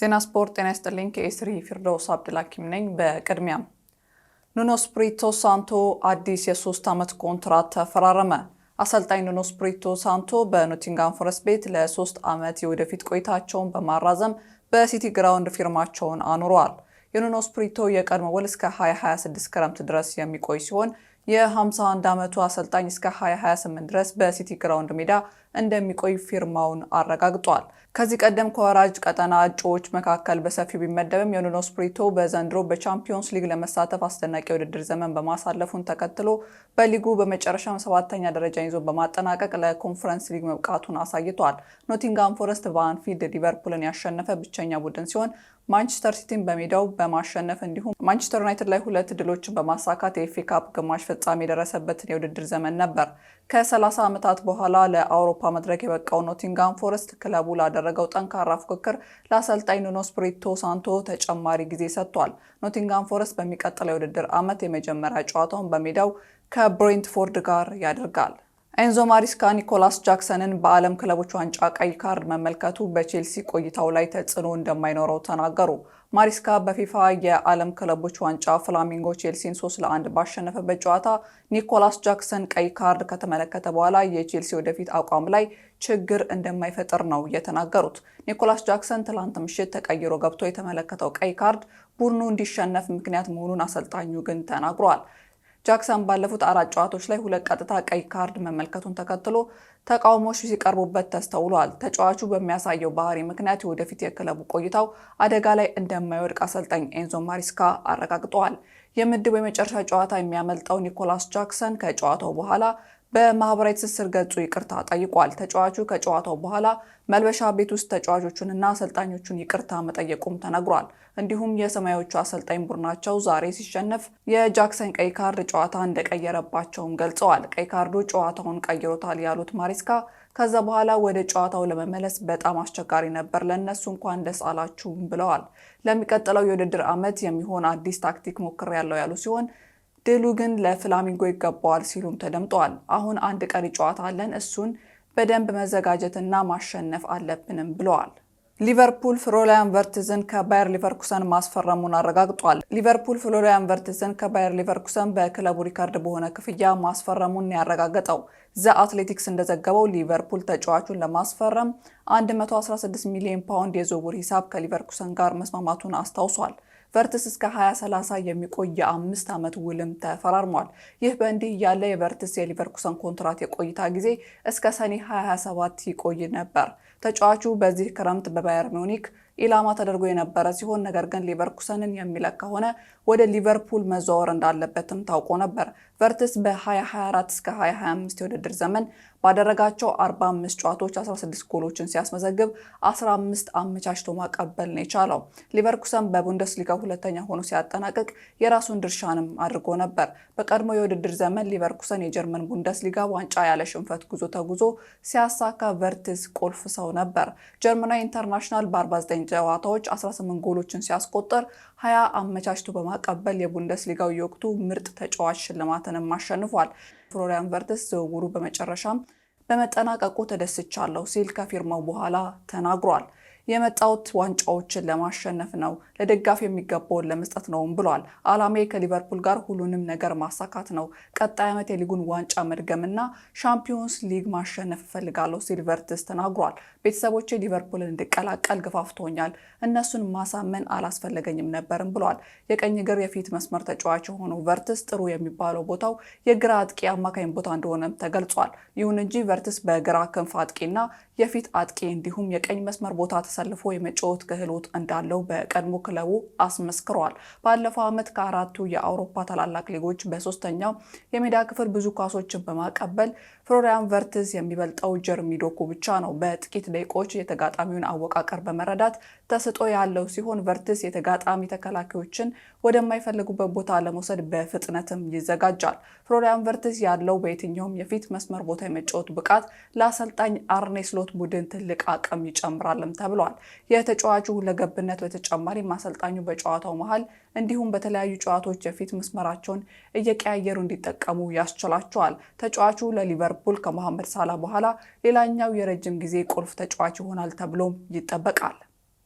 ዜና ስፖርት ጤና ይስጥልኝ። ከኤስሪ ፊርዶስ አብድላኪም ነኝ። በቅድሚያም ኑኖ ስፕሪቶ ሳንቶ አዲስ የሶስት ዓመት ኮንትራት ተፈራረመ። አሰልጣኝ ኑኖ ስፕሪቶ ሳንቶ በኖቲንጋም ፎረስት ቤት ለሶስት ዓመት የወደፊት ቆይታቸውን በማራዘም በሲቲ ግራውንድ ፊርማቸውን አኑረዋል። የኑኖ ስፕሪቶ የቀድሞ ውል እስከ 2026 ክረምት ድረስ የሚቆይ ሲሆን የ51 ዓመቱ አሰልጣኝ እስከ 2028 ድረስ በሲቲ ግራውንድ ሜዳ እንደሚቆይ ፊርማውን አረጋግጧል። ከዚህ ቀደም ከወራጅ ቀጠና እጩዎች መካከል በሰፊው ቢመደብም የኑኖ ስፕሪቶ በዘንድሮ በቻምፒዮንስ ሊግ ለመሳተፍ አስደናቂ የውድድር ዘመን በማሳለፉን ተከትሎ በሊጉ በመጨረሻም ሰባተኛ ደረጃ ይዞ በማጠናቀቅ ለኮንፈረንስ ሊግ መብቃቱን አሳይቷል። ኖቲንጋም ፎረስት በአንፊልድ ሊቨርፑልን ያሸነፈ ብቸኛ ቡድን ሲሆን ማንቸስተር ሲቲን በሜዳው በማሸነፍ እንዲሁም ማንቸስተር ዩናይትድ ላይ ሁለት ድሎችን በማሳካት የኤፍኤ ካፕ ግማሽ ፍጻሜ የደረሰበትን የውድድር ዘመን ነበር። ከ30 ዓመታት በኋላ ለአውሮፓ መድረክ የበቃው ኖቲንጋም ፎረስት ክለቡ ላደረገው ጠንካራ ፉክክር ለአሰልጣኝ ኑኖ ስፕሪቶ ሳንቶ ተጨማሪ ጊዜ ሰጥቷል። ኖቲንጋም ፎረስት በሚቀጥለው የውድድር ዓመት የመጀመሪያ ጨዋታውን በሜዳው ከብሬንትፎርድ ጋር ያደርጋል። ኤንዞ ማሪስካ ኒኮላስ ጃክሰንን በዓለም ክለቦች ዋንጫ ቀይ ካርድ መመልከቱ በቼልሲ ቆይታው ላይ ተጽዕኖ እንደማይኖረው ተናገሩ። ማሪስካ በፊፋ የዓለም ክለቦች ዋንጫ ፍላሚንጎ ቼልሲን 3 ለ1 ባሸነፈበት ጨዋታ ኒኮላስ ጃክሰን ቀይ ካርድ ከተመለከተ በኋላ የቼልሲ ወደፊት አቋም ላይ ችግር እንደማይፈጥር ነው የተናገሩት። ኒኮላስ ጃክሰን ትላንት ምሽት ተቀይሮ ገብቶ የተመለከተው ቀይ ካርድ ቡድኑ እንዲሸነፍ ምክንያት መሆኑን አሰልጣኙ ግን ተናግሯል። ጃክሰን ባለፉት አራት ጨዋታዎች ላይ ሁለት ቀጥታ ቀይ ካርድ መመልከቱን ተከትሎ ተቃውሞዎች ሲቀርቡበት ተስተውሏል። ተጫዋቹ በሚያሳየው ባህሪ ምክንያት የወደፊት የክለቡ ቆይታው አደጋ ላይ እንደማይወድቅ አሰልጣኝ ኤንዞ ማሪስካ አረጋግጠዋል። የምድቡ የመጨረሻ ጨዋታ የሚያመልጠው ኒኮላስ ጃክሰን ከጨዋታው በኋላ በማህበራዊ ትስስር ገጹ ይቅርታ ጠይቋል። ተጫዋቹ ከጨዋታው በኋላ መልበሻ ቤት ውስጥ ተጫዋቾቹንና አሰልጣኞቹን ይቅርታ መጠየቁም ተነግሯል። እንዲሁም የሰማያዎቹ አሰልጣኝ ቡድናቸው ዛሬ ሲሸነፍ የጃክሰን ቀይ ካርድ ጨዋታ እንደቀየረባቸውም ገልጸዋል። ቀይ ካርዱ ጨዋታውን ቀይሮታል ያሉት ማሪስካ ከዛ በኋላ ወደ ጨዋታው ለመመለስ በጣም አስቸጋሪ ነበር። ለእነሱ እንኳን ደስ አላችሁም ብለዋል። ለሚቀጥለው የውድድር ዓመት የሚሆን አዲስ ታክቲክ ሞክሬያለሁ ያሉ ሲሆን ድሉ ግን ለፍላሚንጎ ይገባዋል ሲሉም ተደምጠዋል። አሁን አንድ ቀሪ ጨዋታ አለን፣ እሱን በደንብ መዘጋጀትና ማሸነፍ አለብንም ብለዋል። ሊቨርፑል ፍሎሪያን ቨርትዝን ከባየር ሊቨርኩሰን ማስፈረሙን አረጋግጧል። ሊቨርፑል ፍሎሪያን ቨርትዝን ከባየር ሊቨርኩሰን በክለቡ ሪካርድ በሆነ ክፍያ ማስፈረሙን ያረጋገጠው። ዘ አትሌቲክስ እንደዘገበው ሊቨርፑል ተጫዋቹን ለማስፈረም 116 ሚሊዮን ፓውንድ የዝውውር ሂሳብ ከሊቨርኩሰን ጋር መስማማቱን አስታውሷል። ቨርትስ እስከ 2030 የሚቆይ የአምስት ዓመት ውልም ተፈራርሟል። ይህ በእንዲህ እያለ የቨርትስ የሊቨርኩሰን ኮንትራት የቆይታ ጊዜ እስከ ሰኔ 2027 ይቆይ ነበር። ተጫዋቹ በዚህ ክረምት በባየር ሚኒክ ኢላማ ተደርጎ የነበረ ሲሆን ነገር ግን ሊቨርኩሰንን የሚለቅ ከሆነ ወደ ሊቨርፑል መዘዋወር እንዳለበትም ታውቆ ነበር። ቨርትስ በ2024 እስከ 2025 የውድድር ዘመን ባደረጋቸው 45 ጨዋታዎች 16 ጎሎችን ሲያስመዘግብ 15 አመቻችቶ ማቀበል ነው የቻለው። ሊቨርኩሰን በቡንደስሊጋው ሁለተኛ ሆኖ ሲያጠናቅቅ የራሱን ድርሻንም አድርጎ ነበር። በቀድሞ የውድድር ዘመን ሊቨርኩሰን የጀርመን ቡንደስሊጋ ዋንጫ ያለ ሽንፈት ጉዞ ተጉዞ ሲያሳካ ቨርትስ ቁልፍ ሰው ነበር። ጀርመናዊ ኢንተርናሽናል በ49 ጨዋታዎች 18 ጎሎችን ሲያስቆጠር ሀያ አመቻችቶ በማቀበል የቡንደስሊጋው የወቅቱ ምርጥ ተጫዋች ሽልማትንም አሸንፏል። ፍሎሪያን ቨርትስ ዝውውሩ በመጨረሻም በመጠናቀቁ ተደስቻለሁ ሲል ከፊርማው በኋላ ተናግሯል። የመጣሁት ዋንጫዎችን ለማሸነፍ ነው፣ ለደጋፊ የሚገባውን ለመስጠት ነውም ብሏል። አላሜ ከሊቨርፑል ጋር ሁሉንም ነገር ማሳካት ነው፣ ቀጣይ ዓመት የሊጉን ዋንጫ መድገምና ሻምፒዮንስ ሊግ ማሸነፍ እፈልጋለሁ ሲል ተናግሯል። ቤተሰቦቼ ሊቨርፑልን እንድቀላቀል ገፋፍቶኛል፣ እነሱን ማሳመን አላስፈለገኝም ነበርም ብሏል። የቀኝ እግር የፊት መስመር ተጫዋች የሆነው ቨርትስ ጥሩ የሚባለው ቦታው የግራ አጥቂ አማካኝ ቦታ እንደሆነም ተገልጿል። ይሁን እንጂ ቨርትስ በግራ ክንፍ አጥቂና የፊት አጥቂ እንዲሁም የቀኝ መስመር ቦታ አሰልፎ የመጫወት ክህሎት እንዳለው በቀድሞ ክለቡ አስመስክሯል። ባለፈው ዓመት ከአራቱ የአውሮፓ ታላላቅ ሊጎች በሶስተኛው የሜዳ ክፍል ብዙ ኳሶችን በማቀበል ፍሎሪያን ቨርትዝ የሚበልጠው ጀርሚ ዶኩ ብቻ ነው። በጥቂት ደቂቃዎች የተጋጣሚውን አወቃቀር በመረዳት ተስጦ ያለው ሲሆን ቨርትዝ የተጋጣሚ ተከላካዮችን ወደማይፈልጉበት ቦታ ለመውሰድ በፍጥነትም ይዘጋጃል። ፍሎሪያን ቨርትዝ ያለው በየትኛውም የፊት መስመር ቦታ የመጫወት ብቃት ለአሰልጣኝ አርኔ ስሎት ቡድን ትልቅ አቅም ይጨምራልም ተብሏል። ብሏል። የተጫዋቹ ሁለገብነት በተጨማሪም አሰልጣኙ በጨዋታው መሃል እንዲሁም በተለያዩ ጨዋታዎች የፊት መስመራቸውን እየቀያየሩ እንዲጠቀሙ ያስችላቸዋል። ተጫዋቹ ለሊቨርፑል ከመሐመድ ሳላ በኋላ ሌላኛው የረጅም ጊዜ ቁልፍ ተጫዋች ይሆናል ተብሎም ይጠበቃል።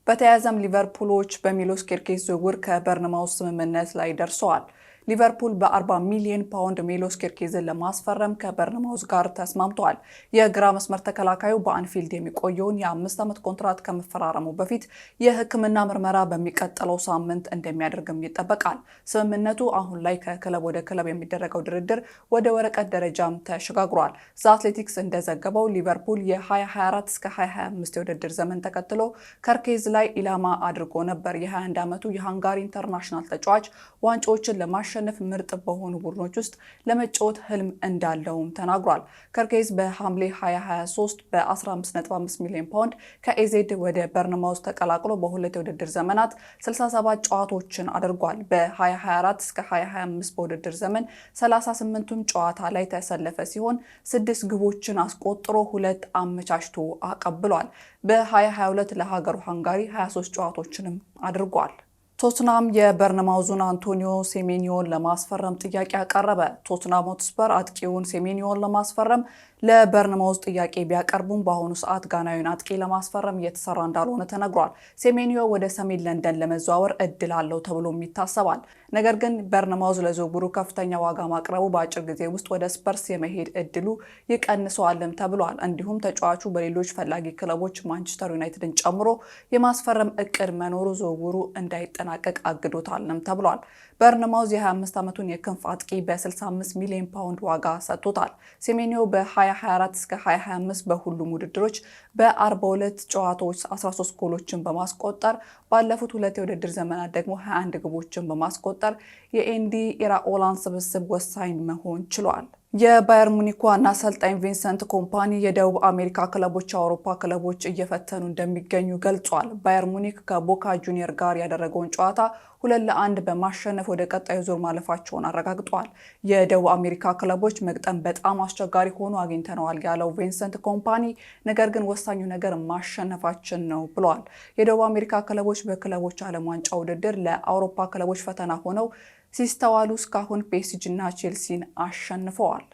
በተያያዘም ሊቨርፑሎች በሚሎስ ኬርኬስ ዝውውር ከበርንማውስ ስምምነት ላይ ደርሰዋል። ሊቨርፑል በ40 ሚሊዮን ፓውንድ ሜሎስ ኬርኬዝን ለማስፈረም ከበርንማውዝ ጋር ተስማምተዋል። የግራ መስመር ተከላካዩ በአንፊልድ የሚቆየውን የአምስት ዓመት ኮንትራት ከመፈራረሙ በፊት የሕክምና ምርመራ በሚቀጥለው ሳምንት እንደሚያደርግም ይጠበቃል። ስምምነቱ አሁን ላይ ከክለብ ወደ ክለብ የሚደረገው ድርድር ወደ ወረቀት ደረጃም ተሸጋግሯል። ዘ አትሌቲክስ እንደዘገበው ሊቨርፑል የ2024 እስከ 2025 የውድድር ዘመን ተከትሎ ከርኬዝ ላይ ኢላማ አድርጎ ነበር። የ21 ዓመቱ የሃንጋሪ ኢንተርናሽናል ተጫዋች ዋንጫዎችን ለማሸ ለማሸነፍ ምርጥ በሆኑ ቡድኖች ውስጥ ለመጫወት ህልም እንዳለውም ተናግሯል። ከርጌዝ በሐምሌ 2023 በ15.5 ሚሊዮን ፓውንድ ከኤዜድ ወደ በርንማውዝ ተቀላቅሎ በሁለት የውድድር ዘመናት 67 ጨዋታዎችን አድርጓል። በ2024 እስከ 2025 በውድድር ዘመን 38ቱም ጨዋታ ላይ ተሰለፈ ሲሆን ስድስት ግቦችን አስቆጥሮ ሁለት አመቻችቶ አቀብሏል። በ2022 ለሀገሩ ሃንጋሪ 23 ጨዋታዎችንም አድርጓል። ቶትናም የበርነማውዙን አንቶኒዮ ሴሜኒዮን ለማስፈረም ጥያቄ አቀረበ። ቶትናም ሆትስፐር አጥቂውን ሴሜኒዮን ለማስፈረም ለበርነማውዝ ጥያቄ ቢያቀርቡም በአሁኑ ሰዓት ጋናዊን አጥቂ ለማስፈረም እየተሰራ እንዳልሆነ ተነግሯል። ሴሜኒዮ ወደ ሰሜን ለንደን ለመዘዋወር እድል አለው ተብሎም ይታሰባል። ነገር ግን በርነማውዝ ለዝውውሩ ከፍተኛ ዋጋ ማቅረቡ በአጭር ጊዜ ውስጥ ወደ ስፐርስ የመሄድ እድሉ ይቀንሰዋልም ተብሏል። እንዲሁም ተጫዋቹ በሌሎች ፈላጊ ክለቦች ማንቸስተር ዩናይትድን ጨምሮ የማስፈረም እቅድ መኖሩ ዝውውሩ እንዳይጠ እንዳይጠናቀቅ አግዶታልም ተብሏል። በርንማውዝ የ25 ዓመቱን የክንፍ አጥቂ በ65 ሚሊዮን ፓውንድ ዋጋ ሰጥቶታል። ሴሜኒዮ በ2024 እስከ 2025 በሁሉም ውድድሮች በ42 ጨዋታዎች 13 ጎሎችን በማስቆጠር ባለፉት ሁለት የውድድር ዘመናት ደግሞ 21 ግቦችን በማስቆጠር የኤንዲ ኢራኦላን ስብስብ ወሳኝ መሆን ችሏል። የባየር ሙኒክ ዋና አሰልጣኝ ቪንሰንት ኮምፓኒ የደቡብ አሜሪካ ክለቦች አውሮፓ ክለቦች እየፈተኑ እንደሚገኙ ገልጿል። ባየር ሙኒክ ከቦካ ጁኒየር ጋር ያደረገውን ጨዋታ ሁለት ለአንድ በማሸነፍ ወደ ቀጣዩ ዙር ማለፋቸውን አረጋግጧል። የደቡብ አሜሪካ ክለቦች መግጠም በጣም አስቸጋሪ ሆኖ አግኝተነዋል ያለው ቪንሰንት ኮምፓኒ፣ ነገር ግን ወሳኙ ነገር ማሸነፋችን ነው ብሏል። የደቡብ አሜሪካ ክለቦች በክለቦች ዓለም ዋንጫ ውድድር ለአውሮፓ ክለቦች ፈተና ሆነው ሲስተዋሉ እስካሁን ፔሲጅና ቼልሲን አሸንፈዋል።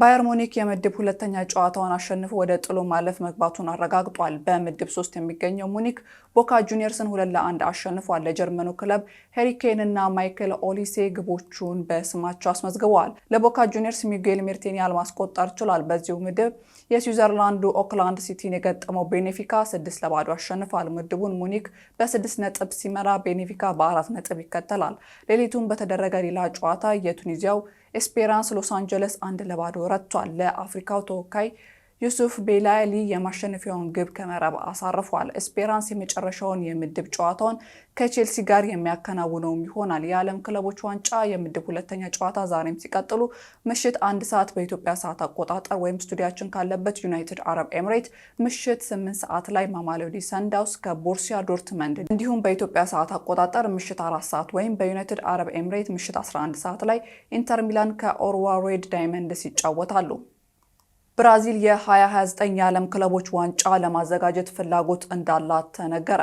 ባየር ሙኒክ የምድብ ሁለተኛ ጨዋታውን አሸንፎ ወደ ጥሎ ማለፍ መግባቱን አረጋግጧል። በምድብ ሶስት የሚገኘው ሙኒክ ቦካ ጁኒየርስን ሁለት ለአንድ አሸንፏል። ለጀርመኑ ክለብ ሄሪኬን እና ማይክል ኦሊሴ ግቦቹን በስማቸው አስመዝግበዋል። ለቦካ ጁኒየርስ ሚጌል ሜርቴንያል ማስቆጠር ችሏል። በዚሁ ምድብ የስዊዘርላንዱ ኦክላንድ ሲቲን የገጠመው ቤኔፊካ ስድስት ለባዶ አሸንፏል። ምድቡን ሙኒክ በስድስት ነጥብ ሲመራ፣ ቤኔፊካ በአራት ነጥብ ይከተላል። ሌሊቱን በተደረገ ሌላ ጨዋታ የቱኒዚያው ኤስፔራንስ ሎስ አንጀለስ አንድ ለባዶ ረቷል። ለአፍሪካው ተወካይ ዩሱፍ ቤላሊ የማሸነፊያውን ግብ ከመረብ አሳርፏል። ኤስፔራንስ የመጨረሻውን የምድብ ጨዋታውን ከቼልሲ ጋር የሚያከናውነውም ይሆናል። የዓለም ክለቦች ዋንጫ የምድብ ሁለተኛ ጨዋታ ዛሬም ሲቀጥሉ ምሽት አንድ ሰዓት በኢትዮጵያ ሰዓት አቆጣጠር ወይም ስቱዲያችን ካለበት ዩናይትድ አረብ ኤምሬት ምሽት ስምንት ሰዓት ላይ ማማሎዲ ሰንዳውስ ከቦርሲያ ዶርትመንድ እንዲሁም በኢትዮጵያ ሰዓት አቆጣጠር ምሽት አራት ሰዓት ወይም በዩናይትድ አረብ ኤምሬት ምሽት 11 ሰዓት ላይ ኢንተር ሚላን ከኦርዋ ሬድ ዳይመንድስ ይጫወታሉ። ብራዚል የ2029 የዓለም ክለቦች ዋንጫ ለማዘጋጀት ፍላጎት እንዳላት ተነገረ።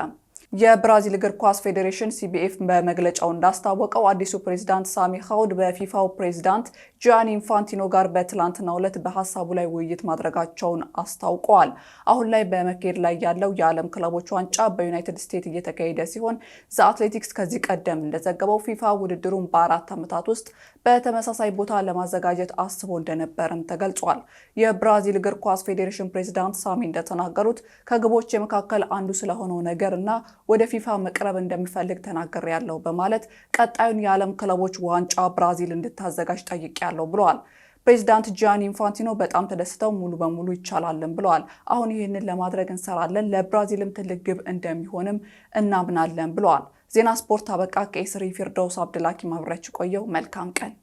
የብራዚል እግር ኳስ ፌዴሬሽን ሲቢኤፍ በመግለጫው እንዳስታወቀው አዲሱ ፕሬዝዳንት ሳሚ ኸውድ በፊፋው ፕሬዚዳንት ጂያኒ ኢንፋንቲኖ ጋር በትላንትናው ዕለት በሀሳቡ ላይ ውይይት ማድረጋቸውን አስታውቀዋል። አሁን ላይ በመካሄድ ላይ ያለው የዓለም ክለቦች ዋንጫ በዩናይትድ ስቴትስ እየተካሄደ ሲሆን ዘ አትሌቲክስ ከዚህ ቀደም እንደዘገበው ፊፋ ውድድሩን በአራት ዓመታት ውስጥ በተመሳሳይ ቦታ ለማዘጋጀት አስቦ እንደነበረም ተገልጿል። የብራዚል እግር ኳስ ፌዴሬሽን ፕሬዚዳንት ሳሚ እንደተናገሩት ከግቦች መካከል አንዱ ስለሆነው ነገር እና ወደ ፊፋ መቅረብ ተናገር ተናግሬያለሁ በማለት ቀጣዩን የዓለም ክለቦች ዋንጫ ብራዚል እንድታዘጋጅ ጠይቄያለሁ አለው ብለዋል። ፕሬዚዳንት ጃን ኢንፋንቲኖ በጣም ተደስተው ሙሉ በሙሉ ይቻላልን ብለዋል። አሁን ይህንን ለማድረግ እንሰራለን፣ ለብራዚልም ትልቅ ግብ እንደሚሆንም እናምናለን ብለዋል። ዜና ስፖርት አበቃ። ከኤስሪ ፊርደውስ አብድላኪ ማብሪያችሁ ቆየው። መልካም ቀን